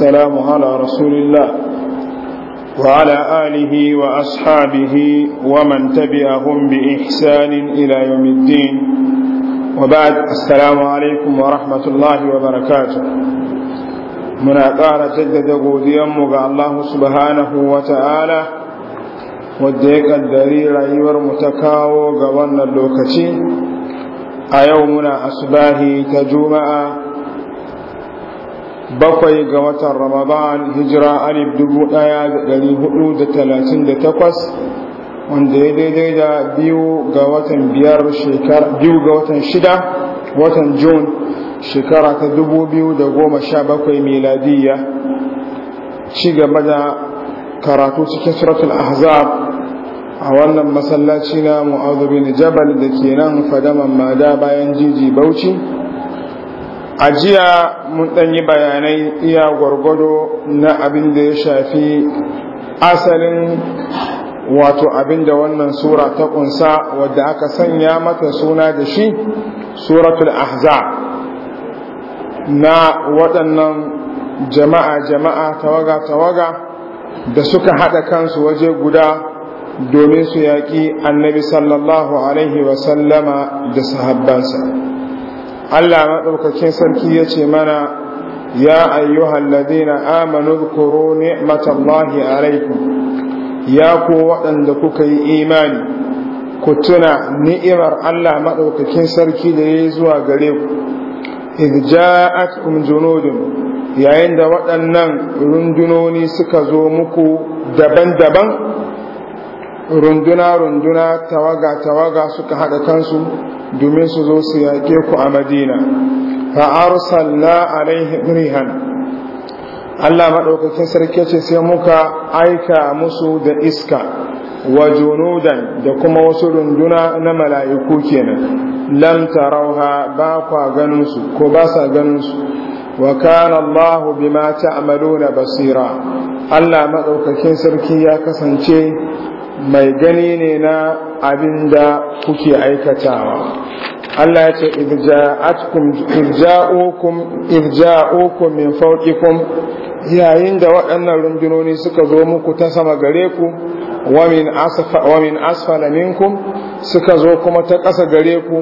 والسلام على رسول الله وعلى آله وأصحابه ومن تبعهم بإحسان إلى يوم الدين وبعد السلام عليكم ورحمة الله وبركاته من أقار جدد قوديم الله سبحانه وتعالى وديك الدرير أيور متكاو قوانا اللوكتين a yau muna asubahi ta juma'a bakwai ga watan ramadan hijira alif dubu daya da dari hudu da talatin da takwas wanda ya daidai da biyu ga watan biyar shekar biyu ga watan shida watan jun shekara ta dubu biyu da goma sha bakwai miladiyya ci gaba da karatu cikin suratul ahzab a wannan masallaci na mu'adhu jabal da ke nan fadaman mada bayan jiji bauchi a jiya mun yi bayanai iya gwargwado na abin da ya shafi asalin wato abin da wannan sura ta kunsa wadda aka sanya mata suna da shi suratul ahza na waɗannan jama'a jama'a tawaga tawaga da suka haɗa kansu waje guda domin su yaƙi annabi sallallahu alaihi wasallama da sahabbansa Allah maɗaukakin sarki ya ce mana ya ayyuhan ladina amanu zkuru ni'matallahi alaikum ya ku waɗanda kuka yi imani ku tuna ni'imar Allah maɗaukakin sarki da ya zuwa gare ku idh ja'atkum junudun yayin da waɗannan rundunoni suka zo muku daban-daban runduna-runduna tawaga-tawaga suka haɗa kansu domin su zo su yake ku a madina fa arsalna alaihim rihan Allah maɗaukakin sarki ce sai muka aika musu da iska wa junudan da kuma wasu runduna na mala'iku kenan lam tarauha ba kwa ganin su ko ba sa ganin su wa kana Allah bima ta'maluna basira Allah madaukakin sarki ya kasance mai gani ne na abin da kuke aikatawa Allah ya ce irja'ukum min fawqikum yayin da waɗannan rundunoni suka zo muku ta sama gare ku wa min asfala minkum suka zo kuma ta ƙasa gare ku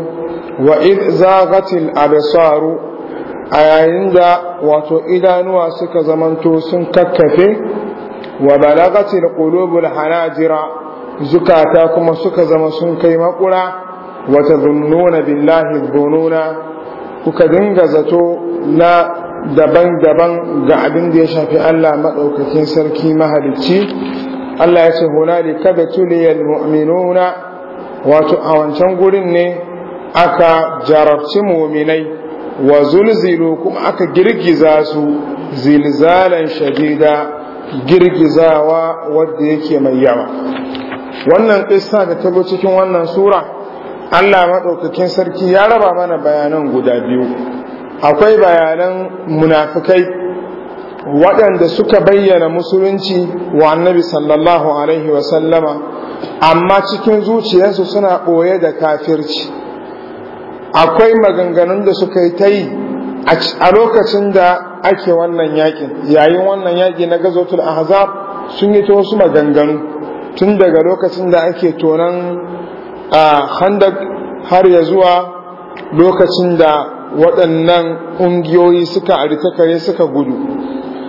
wa id zaghatil absaru a yayin da wato idanuwa suka zamanto sun kakkafe wa balagatil qulubul hanajira zukata kuma suka zama sun kai makura wata zunnuna billahi zununa kuka dinga zato na daban-daban ga abin da ya shafi Allah maɗaukakin sarki mahalicci Allah ya ce hunalika da mu'minuna wato a wancan gurin ne aka jarabci muminai wa zulzilu kuma aka girgiza su zilzalan shadida girgizawa wadda yake mai yawa wannan ƙissa da ta cikin wannan sura Allah maɗaukakin sarki ya raba mana bayanan guda biyu akwai bayanan munafukai waɗanda suka bayyana musulunci wa annabi sallallahu alaihi wasallama amma cikin zuciyarsu suna ɓoye da kafirci akwai maganganun da suka yi ta yi a lokacin da ake wannan yakin yayin wannan yaƙi na gazotul ahzab sun yi ta wasu maganganu tun daga lokacin da ake tonan a handak har ya zuwa lokacin da waɗannan ƙungiyoyi suka aritakare suka gudu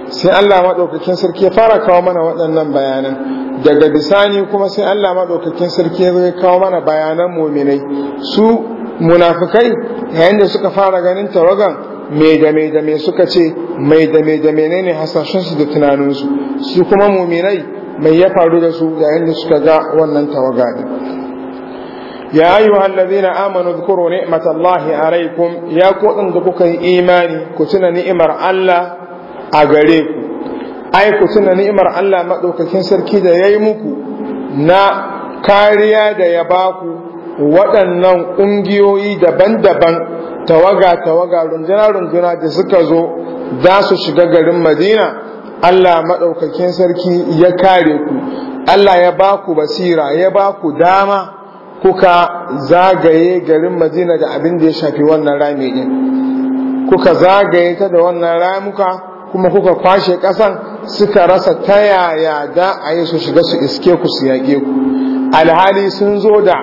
sai Allah maɗaukakin sarki ya fara kawo mana waɗannan bayanan daga bisani kuma sai Allah maɗaukakin sarki ya kawo mana bayanan mominai su munafukai yayin da suka fara ganin tawagan mai da mai da mai suka ce mai da mai da menene hasashensu da tunaninsu su kuma muminai mai ya faru da su yayin da suka ga wannan tawaga ne ya ayyuha amanu dhkuru ni'matallahi alaikum ya ku da kuka yi imani ku tuna ni'imar Allah a gare ku ai ku tuna ni'imar Allah madaukakin sarki da yayi muku na kariya da ya baku waɗannan ƙungiyoyi daban-daban tawaga-tawaga runduna-runduna da suka zo za su shiga garin madina Allah maɗaukakin sarki ya kare ku Allah ya ba ku basira ya ba ku dama kuka zagaye garin madina da abin da ya shafi wannan rami din kuka zagaye ta da wannan ramuka kuma kuka kwashe ƙasan suka rasa ta yaya da a su shiga su iske ku su yaƙe ku alhali sun zo da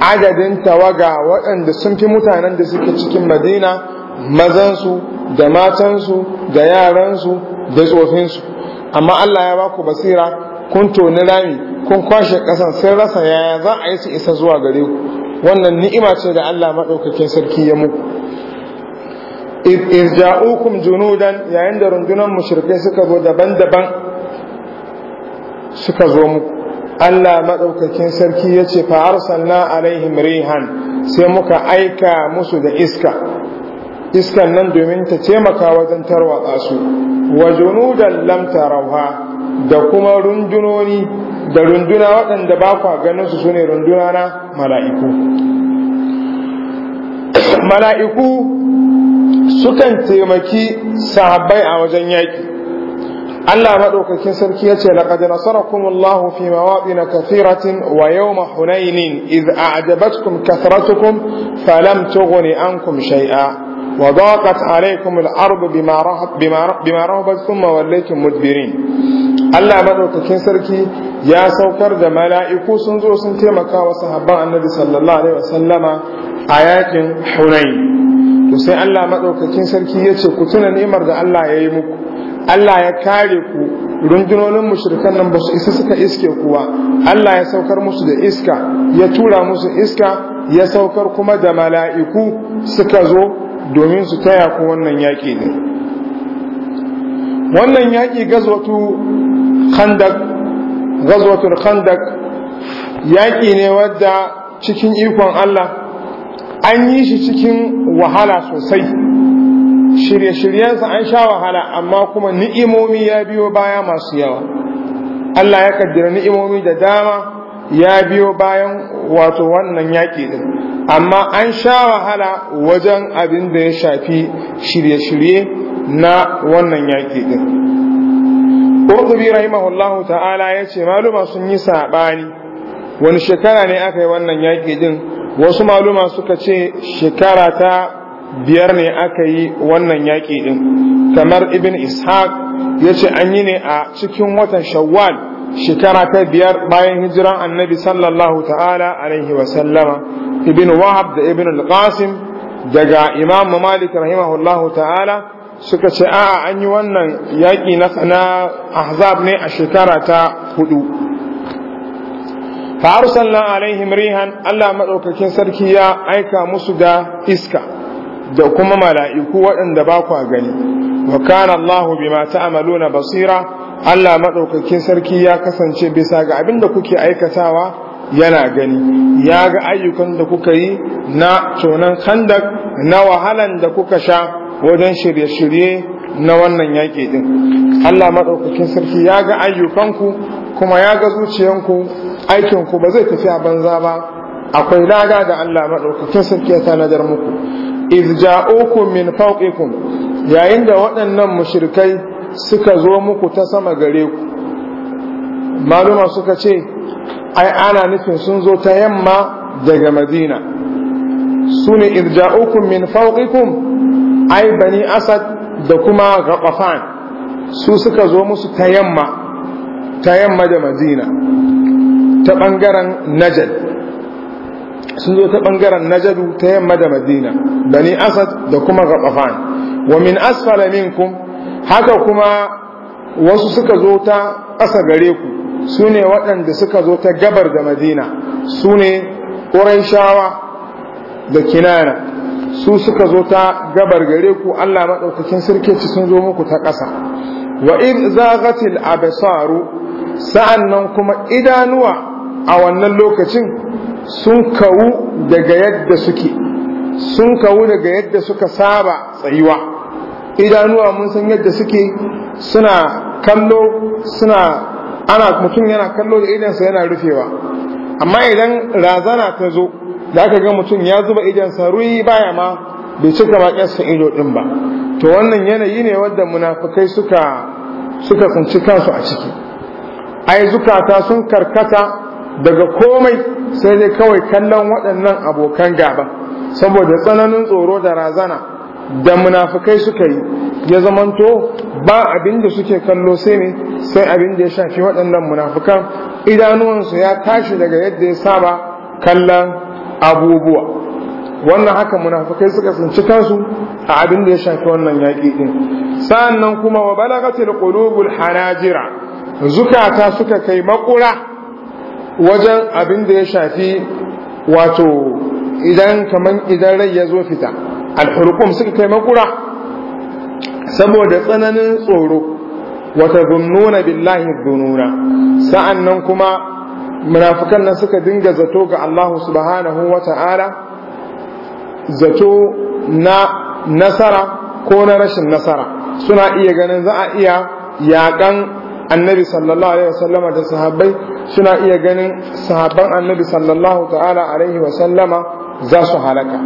adadin tawaga waɗanda sun fi mutanen da suke cikin madina mazansu da matansu da yaransu da tsofinsu amma Allah ya baku basira kun toni rami kun kwashe kasan sai rasa yaya za a yi su isa zuwa gare ku wannan ni'ima ce da Allah maɗaukakin sarki ya muku irja'ukum junudan yayin da rundunan mushrikai suka zo daban-daban suka zo muku Allah maɗaukakin sarki ya ce fa'arsan na alaihim rihan sai muka aika musu da iska iskan nan domin ta taimaka wajen tarwatsa su wa junudan lam tarauha da kuma rundunoni da runduna waɗanda ba kwa ganin su sune runduna na mala'iku mala'iku sukan taimaki sahabbai a wajen yaƙi Allah maɗaukakin sarki ya ce laƙad nasarakum Allahu fi mawaɗina kathiratin wa yawma hunainin iz a'jabatkum kathratukum falam tughni ankum shay'a وضاقت عليكم الأرض بما رهب بما رهبت ثم وليتم مدبرين Allah madaukakin sarki ya saukar da mala'iku sun zo sun taimakawa wa sahabban annabi sallallahu alaihi wasallama a yakin Hunayn to sai Allah madaukakin sarki ya ce ku tuna ni'imar da Allah ya yi muku Allah ya kare ku rundunonin mushrikan nan ba su isa suka iske kuwa Allah ya saukar musu da iska ya tura musu iska ya saukar kuma da mala'iku suka zo domin su taya ku wannan yaƙi ne wannan yaƙi gazwatu khandak gazwatul khandak yaƙi ne wadda cikin ikon Allah an yi shi cikin wahala sosai shirye-shiryensa an sha wahala amma kuma ni'imomi ya biyo baya masu yawa Allah ya kaddara ni'imomi da dama ya biyo bayan wato wannan yaƙi din amma an sha wahala wajen abin da ya shafi shirye-shirye na wannan yaƙi ɗin ƙurƙubi rahimahullahu ta'ala ya ce maluma sun yi saɓani wani shekara ne aka yi wannan yaƙi ɗin wasu maluma suka ce shekara ta biyar ne aka yi wannan yaƙi ɗin kamar ibn ishaq ya ce an yi ne a cikin watan shawwal shekara ta biyar bayan hijiran annabi sallallahu ta'ala alaihi wasallama ibn wahab da ibn al-qasim daga imam malik rahimahullahu ta'ala suka ce a'a an yi wannan yaƙi na sana ahzab ne a shekara ta hudu fa arsalna alaihim rihan Allah madaukakin sarki ya aika musu da iska da kuma mala'iku waɗanda ba ku gani wa kana Allah bima ta'maluna basira Allah madaukakin sarki ya kasance bisa ga abin da kuke aikatawa yana gani ya ga ayyukan da kuka yi na tonan kandak na wahalan da kuka sha wajen shirye-shirye na wannan yaƙi din Allah maɗaukakin sarki ya ga ayyukanku kuma ya ga zuciyanku aikinku ba zai tafi a banza ba akwai lada da Allah maɗaukakin sarki ya tanadar muku iz ja'ukum min fawqikum yayin da waɗannan mushrikai suka zo muku ta sama gare ku maluma suka ce ai ana nufin sun zo ta yamma daga madina su ne irja'ukum min fawqikum ai bani asad da kuma gaqafan su suka zo musu ta yamma ta yamma da madina ta bangaren najd sun zo ta bangaren najd ta yamma da madina bani asad da kuma gaqafan wa min asfala minkum haka kuma wasu suka zo ta ƙasa gare ku su ne waɗanda suka zo ta gabar da madina su ne ƙuraishawa da kinana su suka zo ta gabar gare ku allah maɗaukakin sirkeci sun zo muku ta ƙasa wa in zagatil abasaru sa'an nan kuma idanuwa a wannan lokacin sun kawu daga yadda suke sun kawu daga yadda suka saba tsayuwa idanuwa mun san yadda suke suna kallo suna ana mutum yana kallo da idansa yana rufewa amma idan razana ta zo da aka ga mutum ya zuba idansa ruyi baya ma bai cika bakinsa ido din ba to wannan yanayi ne wanda munafikai suka suka tsinci kansu a ciki ai zukata sun karkata daga komai sai dai kawai kallon waɗannan abokan gaba saboda tsananin tsoro da razana da munafukai suka yi ya zamanto ba abin da suke kallo sai ne sai abin da ya shafi waɗannan munafukan idanuwansu ya tashi daga yadda ya saba kallon abubuwa wannan haka munafukai suka tsinci kansu a abin da ya shafi wannan yaƙi ɗin sa'annan kuma wa balagatil qulubul hanajira zukata suka kai makura wajen abin da ya shafi wato idan kaman idan rai ya zo fita alhurkum suka kai makura saboda tsananin tsoro wata zunnuna billahi dhununa sa'annan kuma munafikan nan suka dinga zato ga Allah subhanahu ta'ala, zato na nasara ko na rashin nasara suna iya ganin za a iya yaƙan annabi sallallahu alaihi wasallama da sahabbai suna iya ganin sahabban annabi sallallahu ta'ala alaihi wasallama za su halaka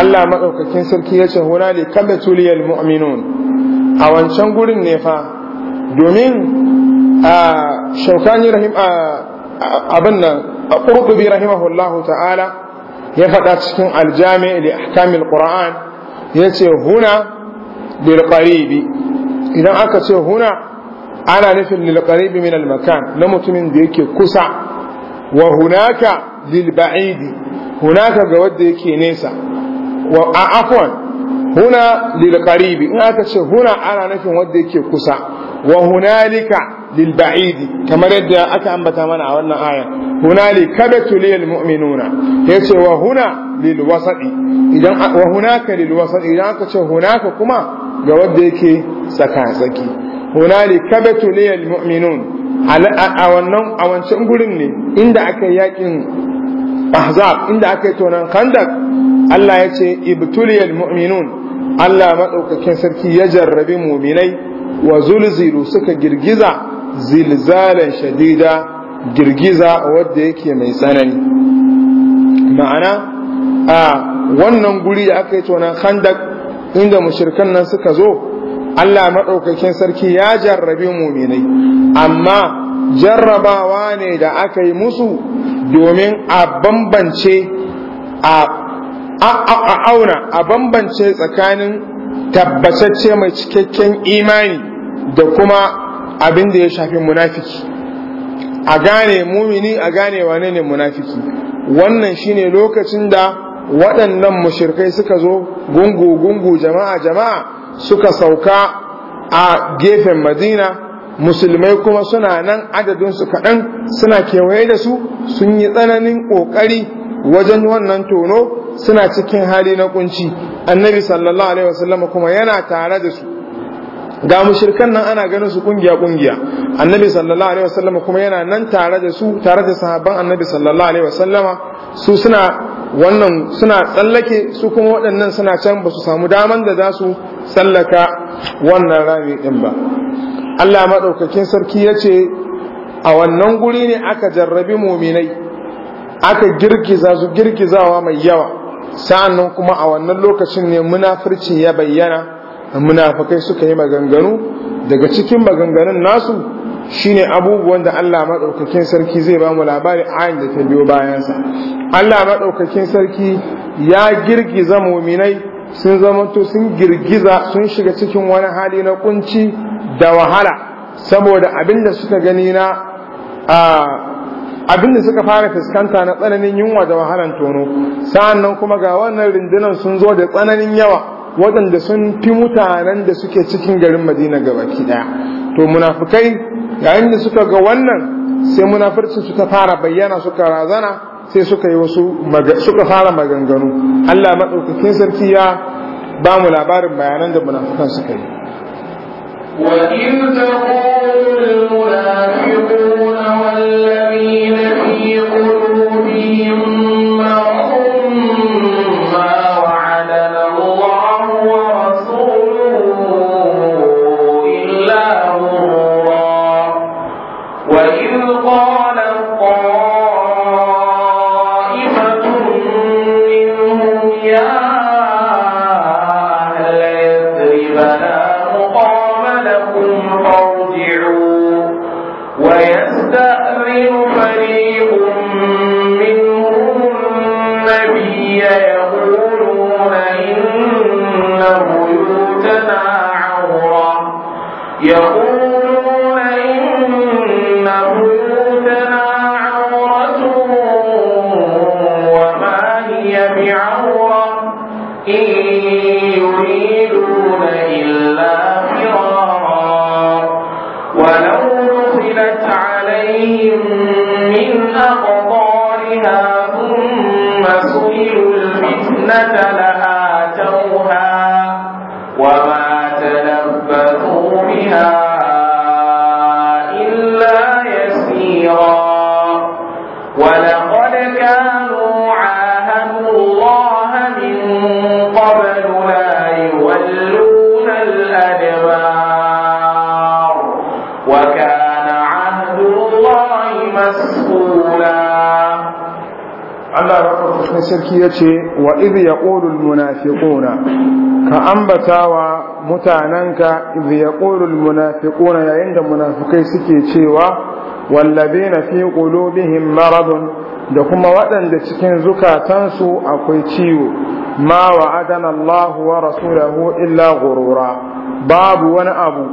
Allah maɗaukakin sarki ya ce huna li kalla tuliyal mu'minun a wancan gurin ne fa domin a shaukani rahim a abin nan a ƙurƙubi rahimahullahu ta'ala ya faɗa cikin aljami da ahkamil qur'an ya ce huna lil idan aka ce huna ana nufin lil qaribi min al makan na mutumin da yake kusa wa hunaka lilba'idi hunaka ga wanda yake nesa wa afwan huna lil qaribi in aka ce huna ana nufin wanda yake kusa wa hunalika lil ba'idi kamar yadda aka ambata mana a wannan aya hunalika batulil mu'minuna yace wa wa hunaka lil wasati idan ce hunaka kuma ga wanda yake tsaka tsaki hunalika batulil mu'minun a wancan gurin ne inda aka yakin ahzab inda aka yi tonan khandak Allah ya ce ibtuliyal mu'minun Allah madaukakin sarki ya jarrabi mu'minai wa zulzilu suka girgiza zilzalan shadida girgiza wadda yake mai tsanani ma'ana a wannan guri da aka yi tonan khandak inda mushirkan nan suka zo Allah madaukakin sarki ya jarrabi mu'minai amma jarrabawa ne da aka yi musu domin a bambance a auna a bambance tsakanin tabbatacce mai cikakken imani da kuma abin da ya shafi munafiki a gane mumini a gane wane ne munafiki wannan shine lokacin da waɗannan mushirkai suka zo gungu-gungu jama'a-jama'a suka sauka a gefen madina musulmai kuma suna nan su kaɗan suna kewaye da su sun yi tsananin ƙoƙari wajen wannan tono suna cikin hali na kunci annabi sallallahu alaihi wasallam kuma yana tare da su ga mushirkan nan ana ganin su kungiya kungiya annabi sallallahu alaihi wasallam kuma yana nan tare da su tare da sahabban annabi sallallahu alaihi wasallama su suna wannan suna tsallake su kuma waɗannan suna can ba su samu daman da za su tsallaka wannan rami ɗin ba Allah maɗaukakin sarki ya ce a wannan guri ne aka jarrabi muminai aka girgiza su girgizawa mai yawa sa'annan kuma a wannan lokacin ne munafurci ya bayyana munafukai suka yi maganganu daga cikin maganganun nasu shi ne abubuwan da Allah maɗaukakin sarki zai ba mu labari ayin da ta biyo bayansa Allah maɗaukakin sarki ya girgiza muminai sun zama to sun girgiza sun shiga cikin wani hali na kunci da wahala saboda abinda suka gani na abinda suka fara fuskanta na tsananin yunwa da wahalan tono Sa'an nan kuma ga wannan rundunar sun zo da tsananin yawa waɗanda sun fi mutanen da suke cikin garin madina baki ɗaya to munafukai yayin da suka ga wannan sai munafurci su ta fara bayyana suka razana sai suka yi wasu suka fara maganganu Allah madaukakin sarki ya ba mu labarin bayanan da munafukan suka yi وإن تقول وإذ قال sarki ya ce wa idh yaqulu almunafiquna ka wa mutananka idh yaqulu munafiƙuna yayin da munafukai suke cewa na fi qulubihim maradun da kuma waɗanda cikin zukatansu akwai ciwo ma wa'adana Allahu wa rasulahu illa gurura, babu wani abu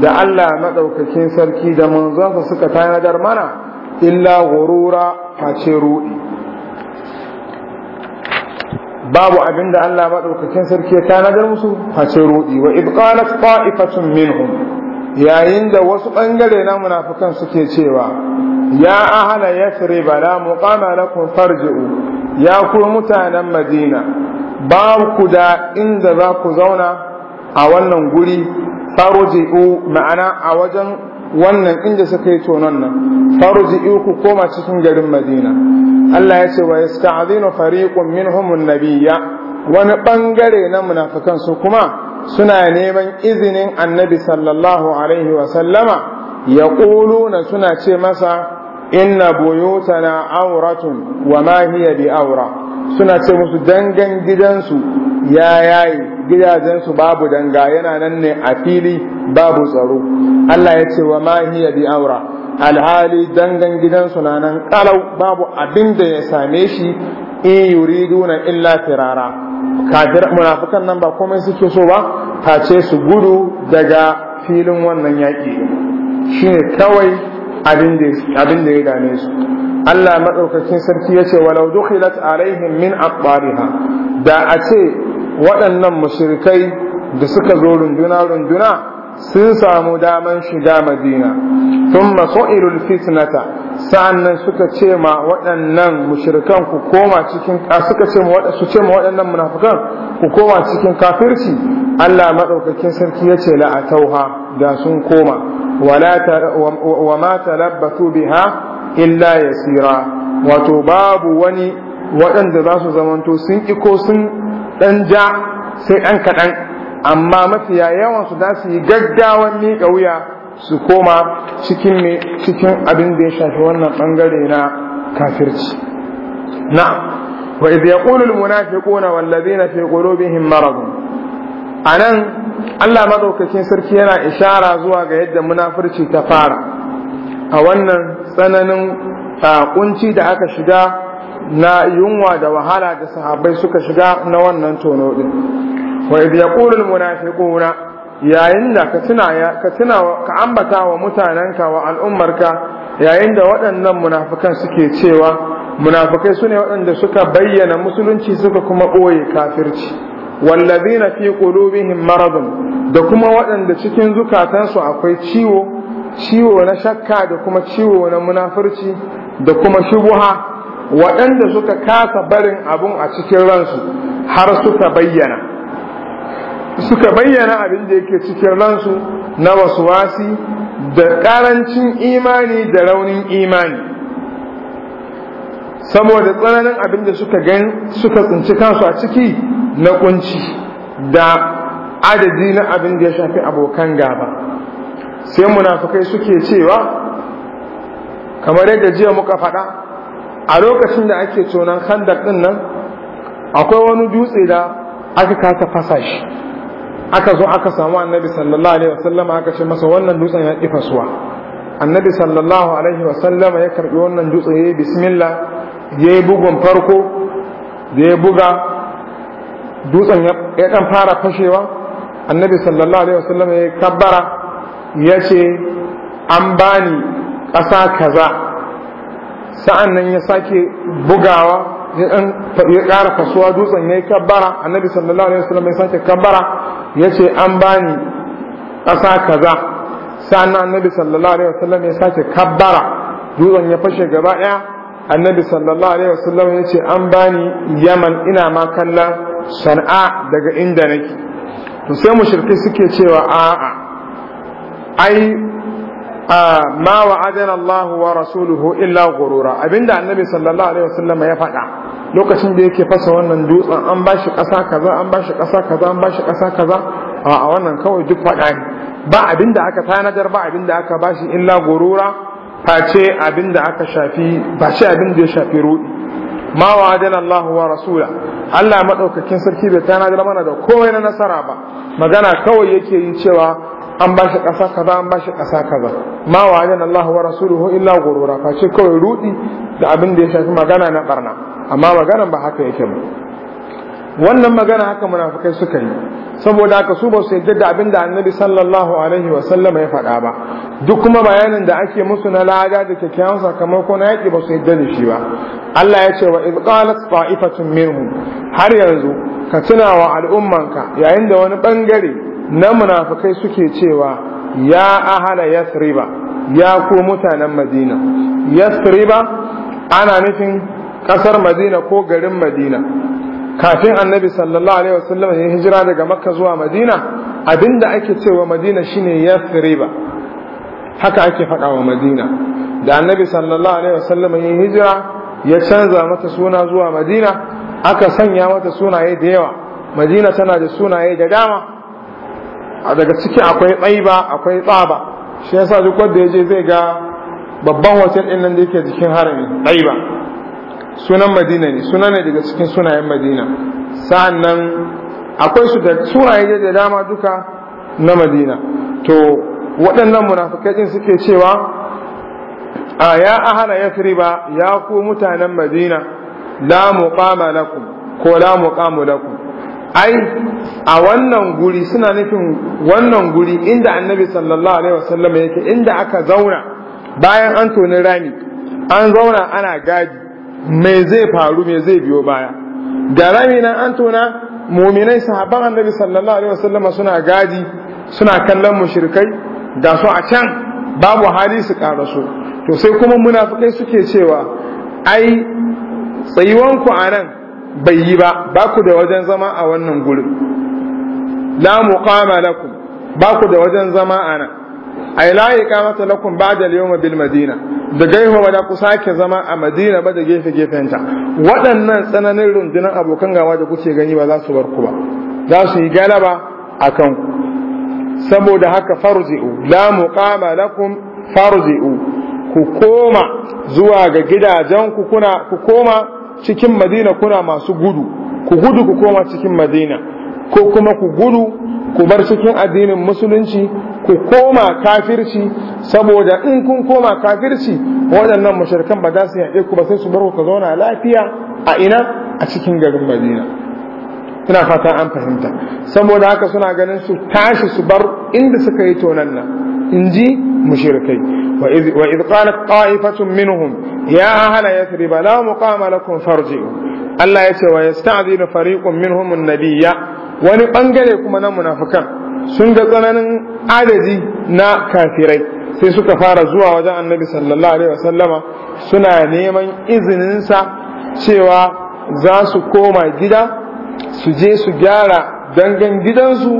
da Allah madaukakin sarki da manzonsa suka tanadar mana illa gurura face ruɗi babu abinda Allah maɗaukakin sarki ya tanadar musu ce ruɗi wa ibqalat qa'ifatun minhum yayin da wasu ɓangare na munafukan suke cewa ya ahala yasrib la muqama lakum farji'u ya ku mutanen madina ba ku da inda za ku zauna a wannan guri faruji'u ma'ana a wajen wannan inda suka yi tonon nan farji iku koma cikin garin madina Allah ya ce wa fariƙun fariqun nabiya wani ɓangare na munafikan su kuma suna neman izinin annabi sallallahu alaihi wa sallama na suna ce masa inna boyota na auratun wa ma bi aura suna ce musu dangan gidansu ya yayi gidajensu babu danga yana nan ne a fili babu tsaro Allah ya ce wa ma hiya bi aura alhali dangan gidansu na nan kalau babu abin da ya same shi in yuriduna illa firara kafir munafikan nan ba komai suke so ba face su gudu daga filin wannan yaƙi shine kawai abin da ya dame su Allah madaukakin sarki ya ce walau dukhilat alaihim min aqbariha da a ce waɗannan mushrikai da suka zo runduna runduna sun samu daman shiga madina sun maso'ilul fitnata sa'annan suka ce ma waɗannan ku koma cikin suka ce ma ce ma waɗannan munafukan ku koma cikin kafirci Allah maɗaukakin sarki ya ce la'atauha da sun koma wa ma talabbatu biha illa yasira wato babu wani waɗanda za su zamanto sun iko sun dan ja sai ɗan kaɗan amma mafiya yawan su za su yi gaggawan miƙa wuya su koma cikin me cikin abin da ya shafi wannan bangare na kafirci na wa idh yaqulu al munafiquna wal ladina fi qulubihim marad anan Allah madaukakin sarki yana ishara zuwa ga yadda munafurci ta fara a wannan tsananin kunci da aka shiga na yunwa da wahala da sahabbai suka shiga na wannan tono din wa idh yaqulu al munafiquna yayin da ka tuna ka tuna ka ambata wa mutananka wa al'ummarka yayin da waɗannan munafikan suke cewa munafikai sune waɗanda suka bayyana musulunci suka kuma ɓoye kafirci wallazina fi qulubihim maradun da kuma waɗanda cikin zukatansu akwai ciwo ciwo na shakka da kuma ciwo na munafurci da kuma shubuha waɗanda suka kasa barin abun a cikin ransu har suka bayyana suka bayyana abin da yake cikin ransu na wasu wasi, da ƙarancin imani da raunin imani saboda tsananin abin da suka gan suka tsinci kansu a ciki na kunci da adadi na abin da ya shafi abokan gaba sai munafukai suke cewa kamar yadda jiya muka faɗa a lokacin da ake tonon khandak din nan akwai wani dutse da aka kasa fasa shi aka zo aka samu annabi sallallahu alaihi wasallam aka ce masa wannan dutsen ya kifasuwa. annabi sallallahu alaihi wasallam ya karbi wannan dutse yayi bismillah yayi bugun farko yayi buga dutsen ya dan fara fashewa annabi sallallahu alaihi wasallam ya kabbara ya ce an bani ƙasa kaza sa'an nan ya sake bugawa ya ƙara kasuwa dutsen ya yi kabbara annabi sallallahu alaihi wasallam ya sake kabbara ya ce an bani ƙasa kaza sa'an nan annabi sallallahu alaihi wasallam ya sake kabbara dutsen ya fashe gaba ɗaya annabi sallallahu alaihi wasallam ya ce an bani yaman ina ma kallon sana'a daga inda nake to sai mushrikai suke cewa a'a ai ma wa'adana Allahu wa rasuluhu illa ghurura abinda annabi sallallahu alaihi wasallam ya faɗa lokacin da yake fasa wannan dutsen an bashi ƙasa kaza an bashi ƙasa kaza an bashi ƙasa kaza a wannan kawai duk faɗa ne ba abinda aka tanadar ba abinda aka bashi illa ghurura face abinda aka shafi ba shi abinda ya shafi ruɗi ma adana Allahu wa rasula Allah madaukakin sarki bai tanadar mana da komai na nasara ba magana kawai yake yi cewa an ba shi kasa kaza an ba shi kasa kaza ma wa wa'adana Allah wa rasuluhu illa gurura ce kawai rudi da abin da ya shafi magana na barna amma magana ba haka yake ba wannan magana haka munafikai suka yi saboda haka su ba su yadda da abin da annabi sallallahu alaihi wa sallam ya faɗa ba duk kuma bayanin da ake musu na lada da kyakkyawan sakamako na yaƙi ba su yadda da shi ba Allah ya ce wa idh qalat ta'ifatun minhum har yanzu ka tuna wa al'ummanka yayin da wani bangare na munafukai suke cewa ya ahala yasriba ya ko mutanen madina yasriba ana nufin kasar madina ko garin madina kafin annabi sallallahu alaihi wasallam ya hijira daga makka zuwa madina abinda ake cewa madina shine yasriba haka ake faɗa wa madina da annabi sallallahu alaihi wasallam ya hijira ya canza mata suna zuwa madina aka sanya mata sunaye da yawa madina tana da sunaye da dama a daga ciki akwai ba akwai tsaba shi yasa duk wanda yaje zai ga babban hotel din nan da yake jikin harami ba sunan madina ne suna ne daga cikin sunayen madina sa'annan akwai su da sunaye da dama duka na madina to waɗannan munafikai din suke cewa a ya ahana ba ya ku mutanen madina la muqama lakum ko la muqamu lakum ai a wannan guri suna nufin wannan guri inda annabi sallallahu alaihi wasallam yake inda aka zauna bayan an toni rami an zauna ana gadi me zai faru me zai biyo baya da rami nan an tona muminai sahabban annabi sallallahu alaihi wasallam suna gadi suna kallon mushrikai ga su a can babu hali su su to sai kuma munafukai suke cewa ai tsayuwanku a nan bai yi ba ba ku da wajen zama a wannan gurin la muqama lakum ba ku da wajen zama a nan ai la iqamata lakum ba'da al yawm bil madina da gaiwa ba da ku sake zama a madina ba da gefe gefenta waɗannan tsananin rundunar abokan gawa da kuke gani ba za su bar ku ba za su yi galaba akan ku saboda haka farzi'u la muqama lakum farzi'u ku koma zuwa ga gidajen ku kuna ku koma cikin madina kuna masu gudu ku gudu ku koma cikin madina ko kuma ku gudu ku bar cikin addinin musulunci ku koma kafirci saboda in kun koma kafirci waɗannan mashirkan ba za su yaƙe ku ba sai su bar ku zauna lafiya a ina a cikin garin madina Suna fata an fahimta saboda haka suna ganin su tashi su bar inda suka yi tonan nan in ji mashirkai wa iz qalat ta'ifatun minhum ya ahala yasriba la muqama lakum farji. Allah ya ce wa yasta'dinu fariqun minhum an-nabiyya wani bangare kuma na munafukan sun ga tsananin adadi na kafirai sai suka fara zuwa wajen annabi sallallahu alaihi wasallama suna neman izinin sa cewa za su koma gida su je su gyara dangan gidansu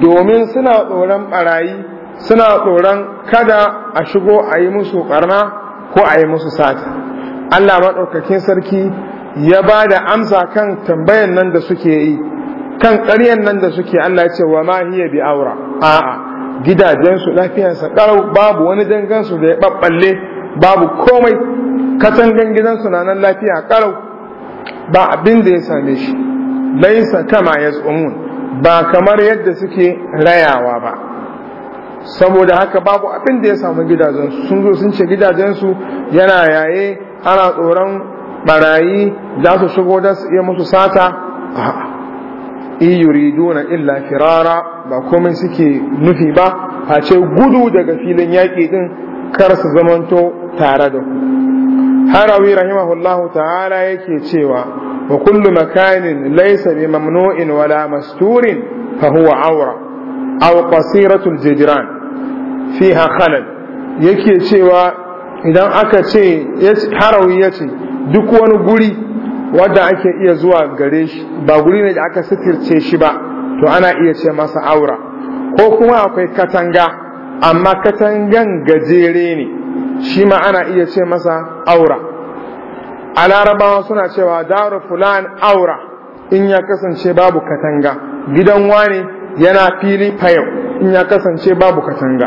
domin suna tsoron barayi suna tsoron kada a shigo a yi musu ƙarna ko a yi musu sata Allah maɗaukakin sarki ya ba da amsa kan tambayan nan da suke yi kan ƙaryan nan da suke Allah ya ce wa ma hiya bi aura a'a gidajensu lafiyarsa ƙarau babu wani dangansu da ya ɓaɓɓalle babu komai katon gidansu na nan lafiya ƙarau ba abin da ya same shi laisa kama ya ba kamar yadda suke rayawa ba saboda haka babu abin da ya samu gidajensu sun zo sun ce gidajensu yana yaye ana tsoron barayi za su shigo da su iya musu sata in na illa firara ba komai suke nufi ba face gudu daga filin yaƙi din kar su zamanto tare da ku harawi rahimahullahu ta'ala yake cewa wa kullu makanin laysa bi mamnu'in wala masturin fa huwa awra aw qasiratul jidran fiha khalal yake cewa idan aka ce harawi yace duk wani guri wanda ake iya zuwa gare shi ba guri ne da aka sitirce shi ba to ana iya ce masa aura ko kuma akwai katanga amma katangan gajere ne shi ma ana iya ce masa aura a larabawa suna cewa daru fulan aura in ya kasance babu katanga gidan wane yana fili fayau in ya kasance babu katanga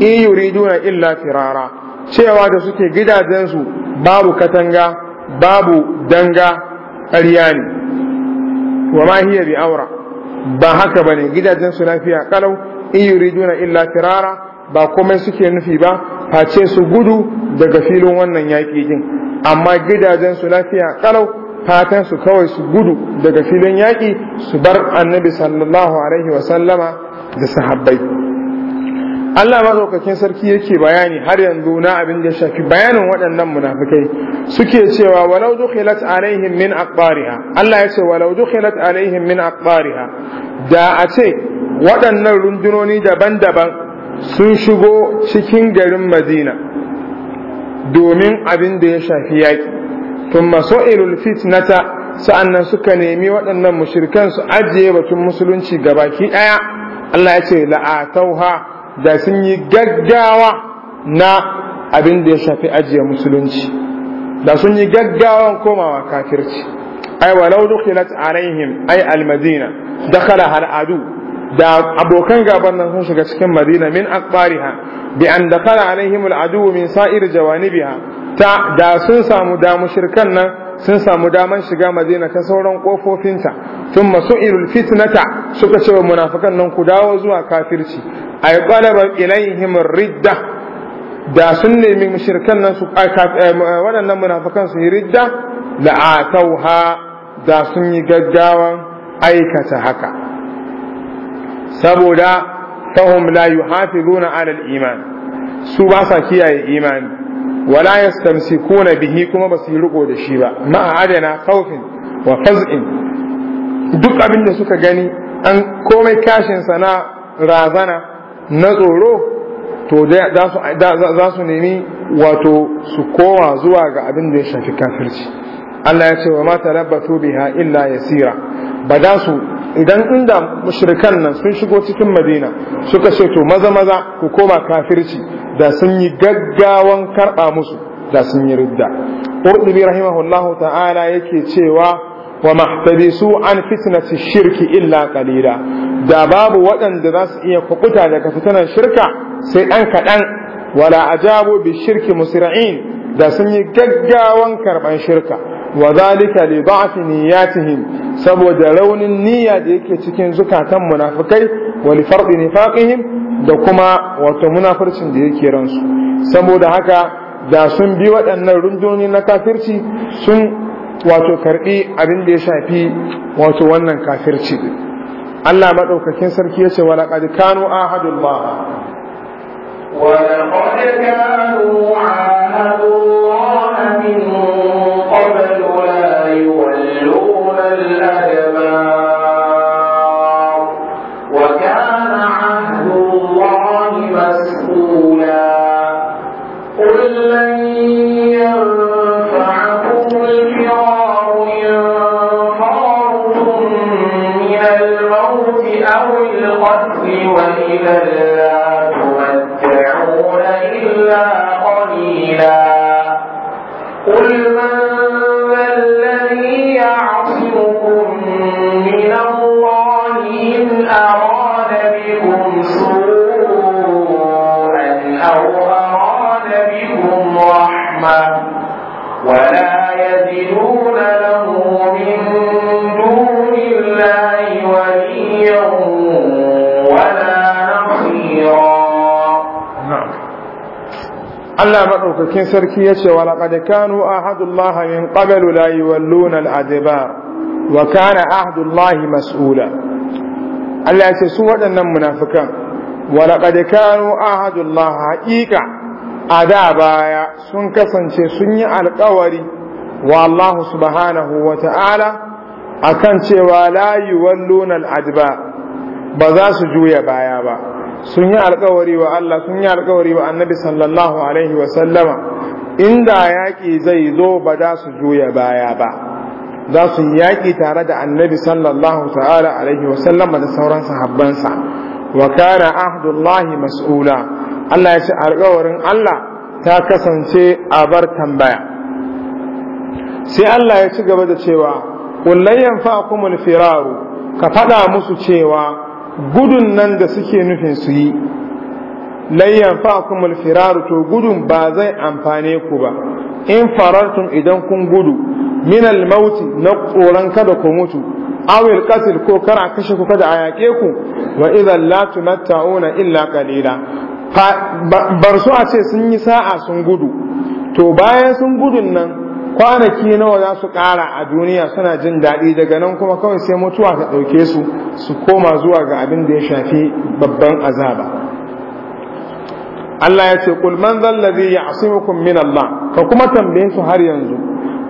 in duna illa firara cewa da suke gidajensu babu katanga babu danga ƙarya ne wa ma hiya bi aura ba haka bane gidajensu lafiya kalau in duna illa firara ba komai suke nufi ba face su gudu daga filin wannan yaƙi din amma gidajensu lafiya kalau fatan su kawai su gudu daga filin yaƙi su bar annabi sallallahu alaihi wa sallama da sahabbai Allah mazaukakin sarki yake bayani har yanzu na abin da shafi bayanin waɗannan munafikai suke cewa walau dukhilat alaihim min aqbariha Allah ya ce walau dukhilat alaihim min aqbariha da a ce waɗannan rundunoni daban-daban sun shigo cikin garin Madina domin abin da ya shafi yaƙi thumma su'ilul fitnata sa'annan suka nemi waɗannan mushrikan su ajiye batun musulunci gabaki ɗaya Allah ya ce la'atauha da sun yi gaggawa na abin da ya shafi ajiye musulunci da sun yi gaggawan komawa kafirci ai walau dukhilat alaihim ai almadina dakhala al'adu da abokan gaban nan sun shiga cikin madina min aqbariha bi an dakhala alaihim al'adu min sa'ir jawanibiha ta da sun samu da mushrikan nan sun samu daman shiga madina ta sauran kofofinta tun masu irul fitnata suka ce wa munafikan nan ku dawo zuwa kafirci ay qalaba ilaihim ridda da sun nemi mushrikan nan su eh, eh, waɗannan munafikan su ridda la'atauha da sun yi gaggawan aikata haka saboda fahum la yuhafizuna ala al-iman su ba sa kiyaye imani wala yastamsikuna bihi kuma ba su yi riko da shi ba ma'a adana khawfin wa faz'in duk abin da suka gani an komai kashin na razana na tsoro to za su nemi wato su kowa zuwa ga abin da ya shafi kafirci Allah ya ce wa mata labbatu biha illa yasira ba za su idan inda mushrikan nan sun shigo cikin madina suka ce to maza maza ku koma kafirci da sun yi gaggawan karɓa musu da sun yi ridda qurtubi rahimahullahu ta'ala yake cewa wa mahtabisu an fitnati shirki illa qalila da babu waɗanda za su iya kukuta daga fitanar shirka sai ɗan kaɗan wala ajabu bi shirki musra'in da sun yi gaggawan karɓan shirka Wazalika zalika li ba'fi niyyatihim saboda raunin niyya da yake cikin zukatan munafikai wa li fardi nifaqihim da kuma wato munafircin da yake ransu saboda haka da sun bi waɗannan runduni na kafirci sun wato karbi abin da ya shafi wato wannan kafirci Allah madaukakin sarki yace wala qad kanu ahadullah ولقد كانوا عاهدوا الله منهم مسؤولا قل لن ينفعكم الفرار إن فررتم من الموت أو القتل وإلى madaukakin sarki ya ce wa laqad kanu ahadullah min qablu layi yawalluna al wa kana ahdullah mas'ula Allah ya ce su waɗannan munafikan wa laqad kanu ahadullah haƙiƙa a da baya sun kasance sun yi alƙawari wa Allahu subhanahu wa ta'ala akan cewa la yawalluna al ba za su juya baya ba sun yi alkawari wa Allah sun yi alkawari wa annabi sallallahu alaihi wa sallama inda yaƙi zai zo ba za su juya baya ba za su yi yaƙi tare da annabi sallallahu ta'ala alaihi wa sallama da sauran sahabbansa wa kana ahdullahi mas'ula Allah ya ce alkawarin Allah ta kasance a bar tambaya sai Allah ya ci gaba da cewa kullayyan fa'akumul firaru ka faɗa musu cewa gudun nan da suke nufin su yi layyan fa'akumul firaru to gudun ba zai amfane ku ba in farartun idan kun gudu min mauti na tsoron kada ku mutu awil qatil ko kar a kashe ku kada a yaƙe ku wa idan la tumatta'una illa qalila bar su a ce sun yi sa'a sun gudu to bayan sun gudun nan kwanaki nawa za su kara a duniya suna jin daɗi daga nan kuma kawai sai mutuwa ta ɗauke su su koma zuwa ga abin da ya shafi babban azaba Allah ya ce kul man zallazi ya asimukum min Allah ka kuma tambaye su har yanzu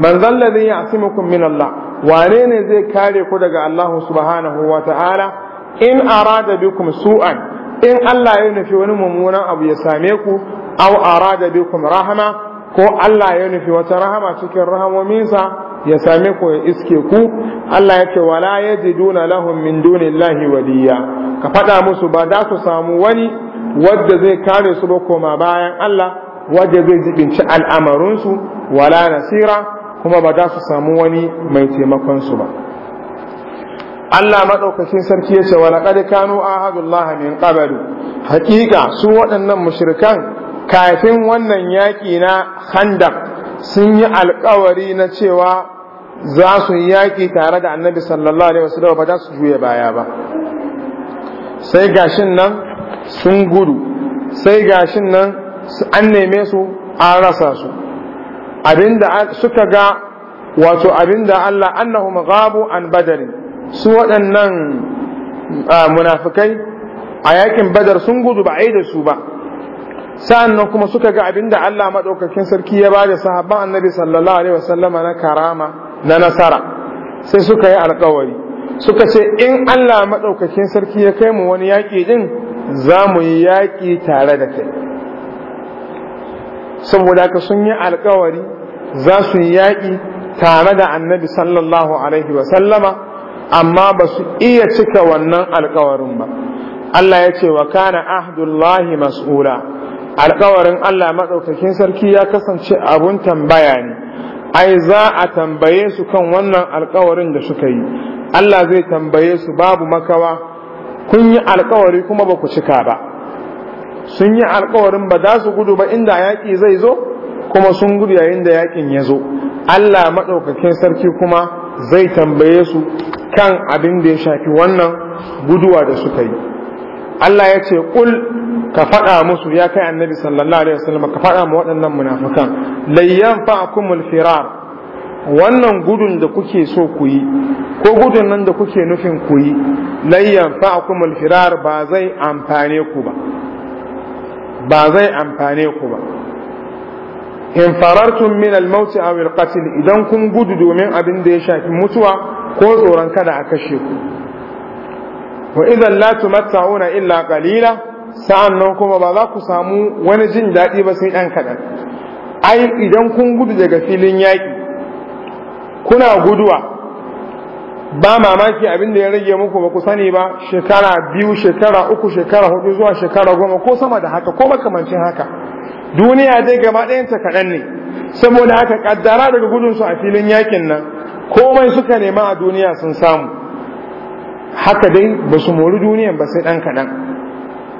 man zallazi ya asimukum min Allah wane ne zai kare ku daga Allah subhanahu wa ta'ala in arada bikum su'an in Allah ya nufi wani mummunan abu ya same ku aw arada bikum rahama ko Allah ya nufi wata rahama cikin rahamominsa ya same ku ya iske ku Allah ya ce wala yajiduna lahum min dunillahi waliya ka faɗa musu ba za su samu wani wadda zai kare su ba koma bayan Allah wadda zai jibinci al'amarinsu wala nasira kuma ba za su samu wani mai taimakon su ba Allah maɗaukacin sarki ya ce wala kad kanu ahadullah min qablu haƙiƙa su waɗannan mushrikan kafin wannan yaƙi na handak sun yi alkawari na cewa za su yi yaƙi tare da annabi sallallahu alaihi wasallam ba za su juya baya ba sai gashin nan sun gudu sai gashin nan an neme su an rasa su abinda suka ga wato abinda Allah annahu ghabu an badari su waɗannan ah, munafikai a yakin badar sun gudu ba a yi da su ba sa'annan kuma suka ga abinda Allah maɗaukakin sarki ya bada sahabban annabi sallallahu alaihi wasallama na karama na nasara sai suka yi alkawari suka ce in Allah maɗaukakin sarki ya kai mu wani yaƙi ɗin za mu yi yaƙi tare da kai saboda ka sun yi alkawari za su yi yaƙi tare da annabi sallallahu alaihi wasallama amma ba su iya cika wannan alkawarin ba Allah ya ce wa kana ahdullahi mas'ula alkawarin Allah maɗaukakin sarki ya kasance abun tambaya ne ai za a tambaye su kan wannan alkawarin da suka yi Allah zai tambaye su babu makawa kun yi alkawari kuma ba ku cika ba sun yi alkawarin ba za su gudu ba inda yaƙi zai zo kuma sun gudu yayin da yaƙin ya zo Allah maɗaukakin sarki kuma zai tambaye su kan abin da ya shafi wannan guduwa da suka yi Allah ya ce ƙul ka faɗa musu ya kai annabi sallallahu alaihi wasallam ka faɗa ma waɗannan munafikan layyan fa'akumul firar wannan gudun da kuke so ku yi ko gudun nan da kuke nufin ku yi layyan fa'akumul firar ba zai amfane ku ba ba zai amfane ku ba in farartum min al-maut aw al-qatl idan kun gudu domin abin da ya shafi mutuwa ko tsoron kada a kashe ku wa idan la tumatta'una illa qalila sa'an nan kuma ba za ku samu wani jin daɗi ba sai ɗan kaɗan ai idan kun gudu daga filin yaƙi kuna guduwa ba mamaki abin da ya rage muku ba ku sani ba shekara biyu shekara uku shekara hudu zuwa shekara goma ko sama da haka ko makamancin haka duniya dai gaba ɗayanta kaɗan ne saboda haka kaddara daga gudunsu a filin yakin nan komai suka nema a duniya sun samu haka dai ba su mori duniyan ba sai ɗan kaɗan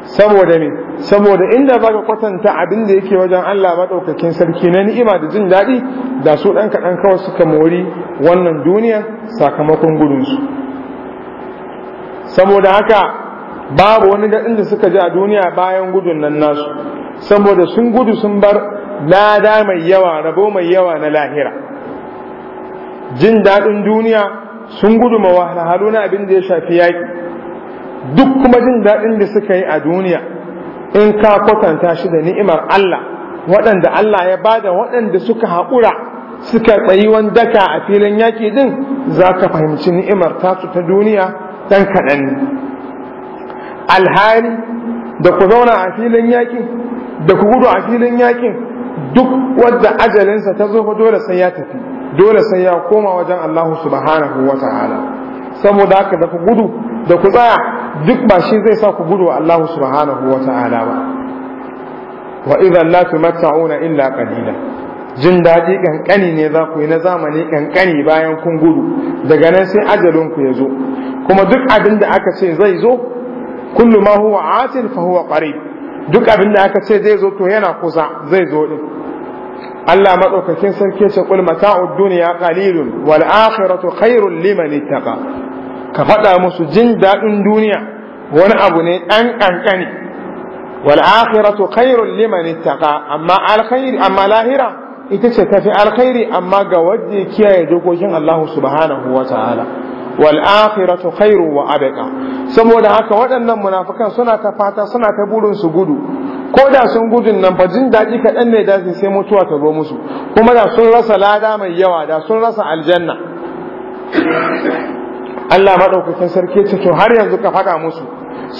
saboda ne saboda inda baka kwatanta abin da yake wajen Allah madaukakin sarki na ni'ima da jin daɗi da su ɗan kaɗan kawai suka mori wannan duniya sakamakon gudunsu saboda haka babu wani daɗin da suka ji a duniya bayan gudun nan nasu saboda sun gudu sun bar lada mai yawa rabo mai yawa na lahira jin daɗin duniya sun gudu mawahalhalu na abin da ya shafi yaki. duk kuma jin daɗin da suka yi a duniya in ka kwatanta shi da ni'imar Allah waɗanda Allah ya bada waɗanda suka haƙura suka tsayi wandaka a filin yaƙi din za ka fahimci ni'imar tasu ta duniya ɗan kaɗan ne alhali da ku zauna a filin yaƙin da ku gudu a filin yaƙin duk wadda ajalinsa ta zo dole sai ya tafi dole sai ya koma wajen Allah subhanahu wa ta'ala saboda haka da ku gudu da ku tsaya duk ba shi zai sa ku gudu wa Allah subhanahu wa ta'ala ba wa idan la tumatta'una illa qalila jin daɗi ƙanƙani ne za ku yi na zamani ƙanƙani bayan kun gudu daga nan sai ajalin ku ya zo kuma duk abin da aka ce zai zo kullu ma huwa atin fa huwa qarib duk abin da aka ce zai zo to yana kusa zai zo din Allah madaukakin sarki ce kul mata'ud dunya qalilun wal akhiratu khairul liman ittaqa ka faɗa musu jin daɗin duniya wani abu ne ɗan ƙanƙani wal khairun liman ittaqa amma alkhairi amma lahira ita ce tafi alkhairi amma ga wanda kiyaye dokokin Allah subhanahu wa ta'ala wal akhiratu khairu wa abqa saboda haka waɗannan munafikan suna ta fata suna ta burin su gudu ko da sun gudun nan ba jin daɗi kaɗan ne da sai mutuwa ta zo musu kuma da sun rasa lada mai yawa da sun rasa aljanna Allah maɗaukakin sarki ce to har yanzu ka faɗa musu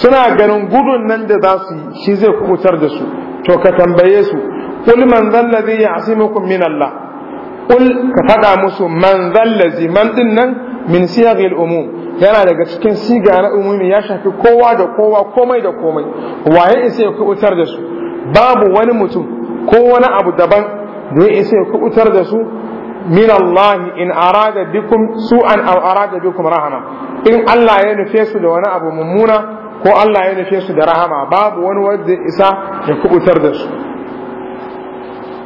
suna ganin gudun nan da za su yi shi zai kubutar da su to ka tambaye su kul man zallazi ya'simukum min Allah kul ka faɗa musu man zallazi man din nan min siyaghil umum yana daga cikin siga na umumi ya shafi kowa da kowa komai da komai waye isa ya kubutar da su babu wani mutum ko wani abu daban da ya isa ya kubutar da su min Allah in arada bikum su'an aw arada bikum rahama in Allah ya nufe su da wani abu mummuna ko Allah ya nufe su da rahama babu wani wanda isa ya kubutar da su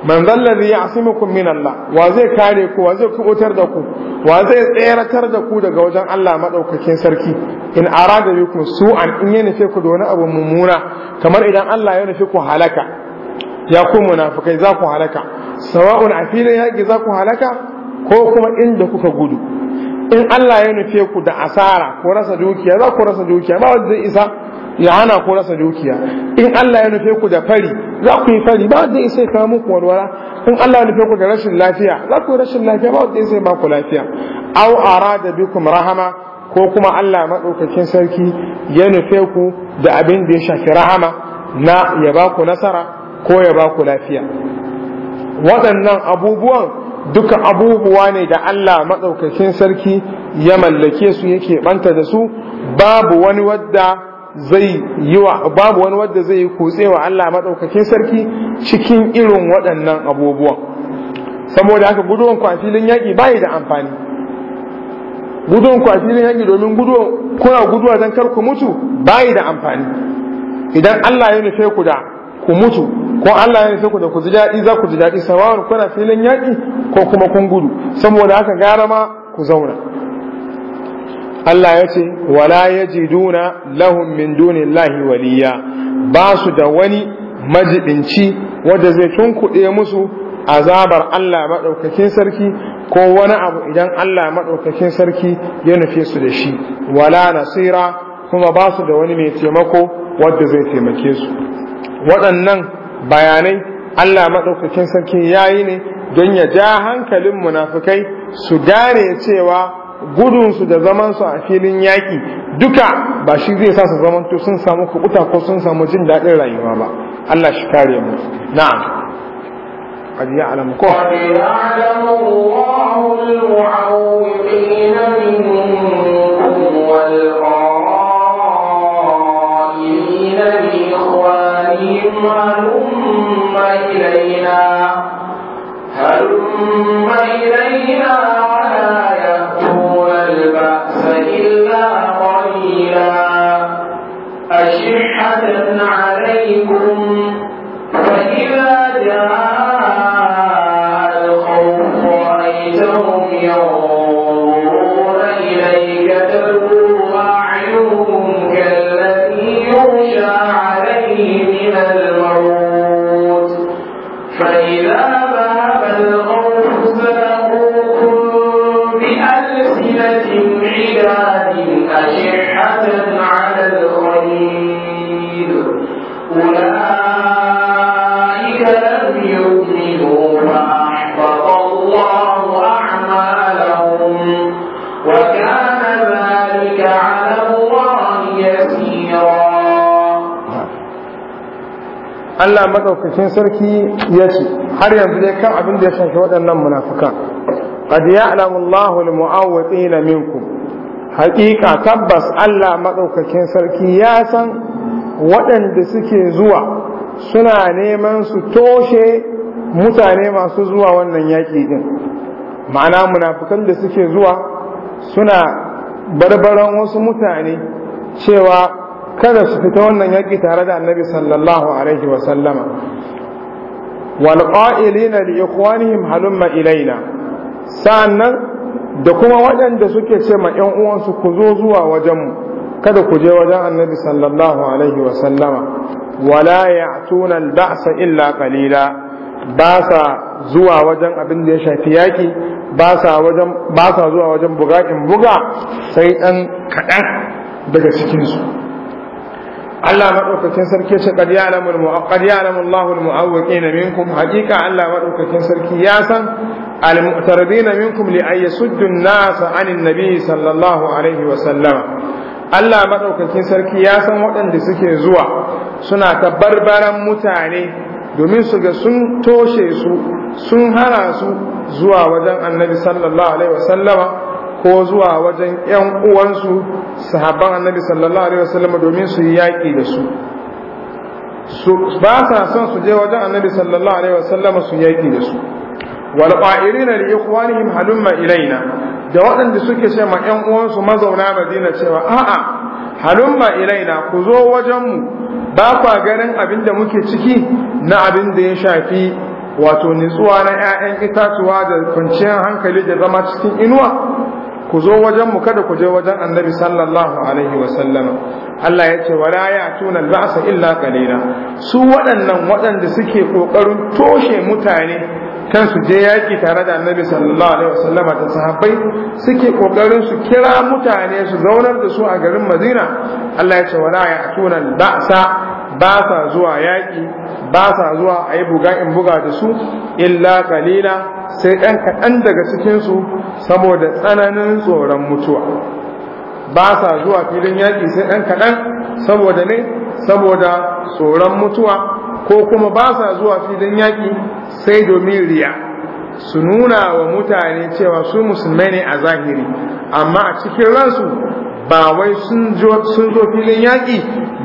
man zallazi ya'simukum min Allah wa zai kare ku wa zai kubutar da ku wa zai tseratar da ku daga wajen Allah madaukakin sarki in arada bikum su'an in ya nufe ku da wani abu mummuna kamar idan Allah ya nufe ku halaka ya ku munafikai za ku halaka sawa'un a filin yaƙi za ku halaka ko kuma inda kuka gudu in Allah ya nufe ku da asara ko rasa dukiya za ku rasa dukiya ba wanda zai isa ya hana rasa dukiya in Allah ya nufe ku da fari za ku yi fari ba wanda isa ya kama muku walwala in Allah ya nufe ku da rashin lafiya za ku yi rashin lafiya ba wanda isa ya ba ku lafiya aw arada bikum rahama ko kuma Allah madaukakin sarki ya nufe ku da abin da ya shafi rahama na ya ba ku nasara ko ya ba ku lafiya waɗannan abubuwan duka abubuwa ne da Allah maɗaukakin sarki ya mallake su yake ɓanta da su babu wani wadda zai yi wa babu wani wadda zai yi kutse wa Allah maɗaukakin sarki cikin irin waɗannan abubuwan saboda haka guduwan kwafilin yaƙi bayi da amfani guduwan kwafilin yaƙi domin guduwa kuna guduwa don kar ku mutu bayi da amfani idan Allah ya nufe ku da ku mutu ko Allah ya ku da ku ji daɗi za ku ji daɗi sawawan kuna filin yaƙi ko kuma kun gudu saboda haka gara ma ku zauna Allah ya ce wala yajiduna lahum min dunillahi waliya ba su da wani majibinci wanda zai tunkuɗe musu azabar Allah maɗaukakin sarki ko wani abu idan Allah maɗaukakin sarki ya nufe su da shi wala nasira kuma ba su da wani mai taimako wanda zai taimake su waɗannan bayanai Allah maɗaukakin sarki ya yi ne don ya ja hankalin munafukai su gane cewa gudunsu da zamansu a filin yaƙi duka ba shi zai sa su zamanto sun samu kuɓuta ko sun samu jin daɗin rayuwa ba Allah shi kare mu na'am قد يعلم قد يعلم الله المعوقين Allah madaukakin sarki ya ce har yanzu dai kan abin da ya shafi waɗannan munafukan qad ya'lamu Allahu al-mu'awwiqina minkum haƙiƙa tabbas Allah madaukakin sarki ya san waɗanda suke zuwa suna neman su toshe mutane masu zuwa wannan yaƙi din ma'ana munafukan da suke zuwa suna barbaran wasu mutane cewa kada su fita wannan yaki tare da annabi sallallahu alaihi wa sallama wal qa'ilina li ikhwanihim halumma ilaina sa'annan da kuma waɗanda suke ce ma ƴan uwansu ku zo zuwa wajen mu kada ku je wajen annabi sallallahu alaihi wa sallama wala ya'tuna al-ba'sa illa qalila ba sa zuwa wajen abin da ya shafi yaki, ba sa wajen ba sa zuwa wajen buga buga sai ɗan kaɗan daga cikinsu Allah maɗaukakin sarki ce qad ya'lamu al-mu'aqqad ya'lamu Allahu al-mu'awwiqin minkum haqiqa Allah madaukakin sarki ya san al-mu'taribin minkum li ay yasuddu an-nas 'an an-nabi sallallahu alaihi wa sallam Allah madaukakin sarki ya san waɗanda suke zuwa suna tabbarbaran mutane domin su ga sun toshe su sun hana su zuwa wajen annabi sallallahu alaihi wa sallama ko zuwa wajen ƴan uwansu sahabban annabi sallallahu alaihi wasallam domin su yi yaƙi da su su ba sa son su je wajen annabi sallallahu alaihi wasallam su yaƙi da su wal qa'irina li ikhwanihim halumma ilaina da waɗanda suke ce ma ‘yan uwansu mazauna madina cewa a'a halumma ilaina ku zo wajenmu ba kwa ganin abin da muke ciki na abin da ya shafi wato nitsuwa na ƴaƴan itatuwa da kwanciyar hankali da zama cikin inuwa ku zo wajen mu kada ku je wajen annabi sallallahu alaihi wa sallama Allah ya ce la ya tuna ba'sa illa qalila su waɗannan waɗanda suke kokarin toshe mutane kan su je yaki tare da annabi sallallahu alaihi wa sallama da sahabbai suke kokarin su kira mutane su zaunar da su a garin Madina Allah ya ce la ya tuna ba'sa ba sa zuwa yaki ba sa zuwa ayi buga in buga da su illa qalila sai ɗan kaɗan daga cikinsu saboda tsananin tsoron mutuwa ba sa zuwa filin yaƙi sai ɗan kaɗan saboda ne saboda tsoron mutuwa ko kuma ba sa zuwa filin yaƙi sai domin riya su nuna wa mutane cewa su musulmai ne a zahiri amma a cikin ransu ba wai sun zo filin yaƙi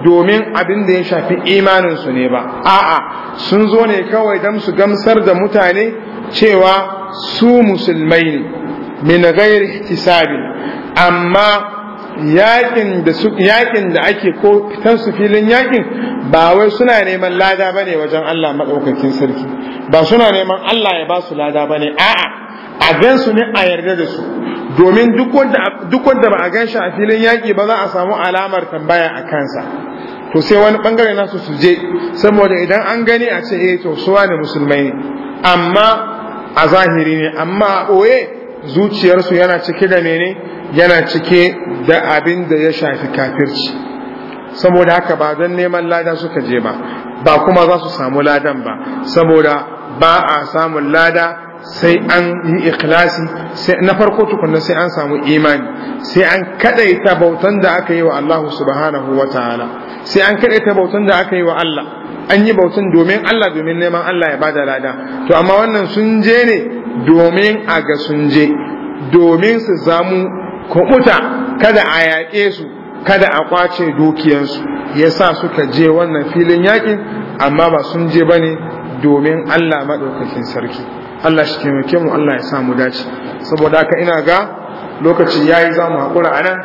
domin abin da ya shafi imaninsu ne ba a'a sun zo ne kawai don su gamsar da mutane cewa su musulmai ne min gairi ihtisabi amma yakin da su yakin da ake ko fitan su filin yakin ba wai suna neman lada bane wajen Allah madaukakin sarki ba suna neman Allah ya ba su lada bane a'a a su ne a yarda da su domin duk wanda ba a gan shi a filin yaƙi ba za a samu alamar tambaya a kansa to sai wani bangare nasu su je saboda idan an gani a ce eh to suwa ne musulmai ne amma a zahiri ne amma a ɓoye zuciyarsu yana cike da mene yana cike da abin da ya shafi kafirci saboda haka ba don neman lada suka je ba ba kuma za su samu ladan ba saboda ba a samun lada sai an yi ikhlasi sai na farko tukunna sai an samu imani sai an kadaita bautan da aka yi wa Allah subhanahu wa ta'ala sai an kadaita bautan da aka yi wa Allah an yi bautan domin Allah domin neman Allah ya bada lada to amma wannan sun je ne domin a ga sun je domin su zamu kuɓuta kada a yaƙe su kada a kwace dukiyansu yasa suka je wannan filin yaƙin amma ba sun je bane domin Allah maɗaukakin sarki Allah shi taimake mu Allah ya sa mu dace saboda haka ina ga lokaci yayi za mu haƙura a nan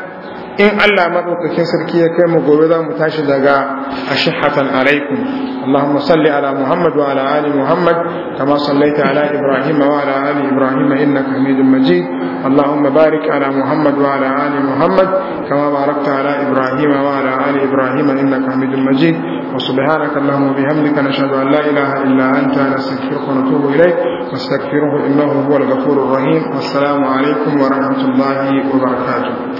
in Allah madaukakin sarki ya kai mu gobe za mu tashi daga ashihatan alaikum Allahumma salli ala Muhammad wa ala ali Muhammad kama sallaita ala Ibrahim wa ala ali Ibrahim innaka Hamidum Majid Allahumma barik ala Muhammad wa ala ali Muhammad kama barakta ala Ibrahim wa ala ali Ibrahim innaka Hamidum Majid wa subhanaka Allahumma bihamdika nashhadu an la ilaha illa anta nastaghfiruka wa natubu ilayk